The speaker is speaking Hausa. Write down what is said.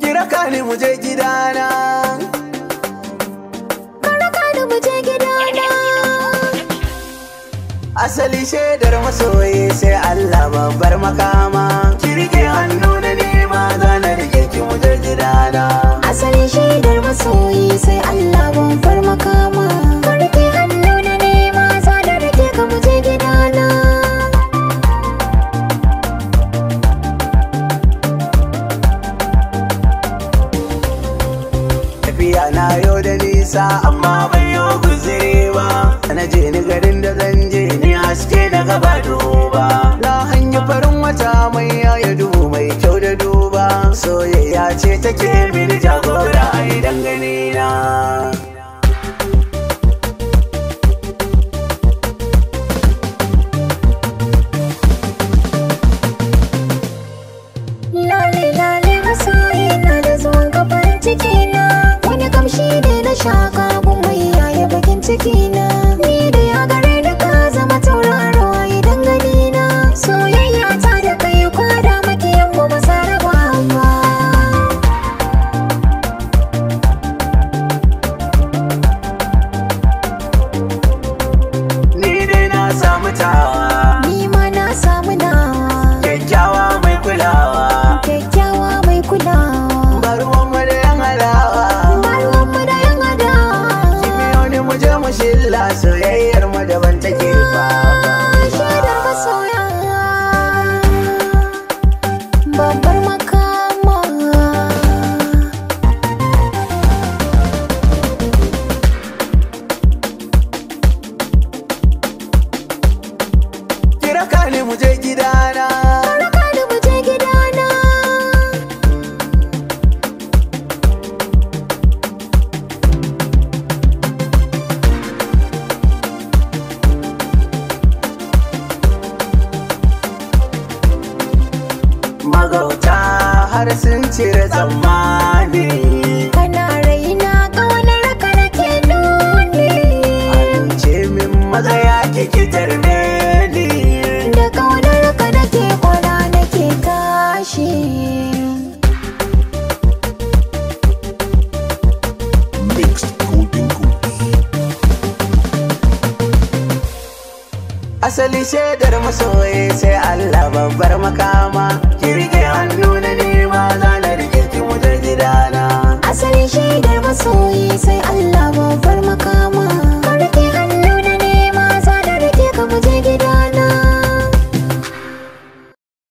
Kiraka ne muje gidana muje gidana Asali shaidar masoyi sai Allah babbar makama Kirge hannu tafiya na yau da nisa amma ban yi guziri ba na je ni garin da zan je ni haske na gaba duba na hanya farin wata mai ya duhu mai kyau da duba soyayya ce take bi Allah soyayyar mu daban take ba shaidar masoya babbar makama kira kale mu je gidana magauta har sun cire tsammani kana raina ga wani raka nake nuni ce min maza ya ke kitar meni daga wani raka nake kwana nake kashi asali shaidar masoyi sai Allah babbar makama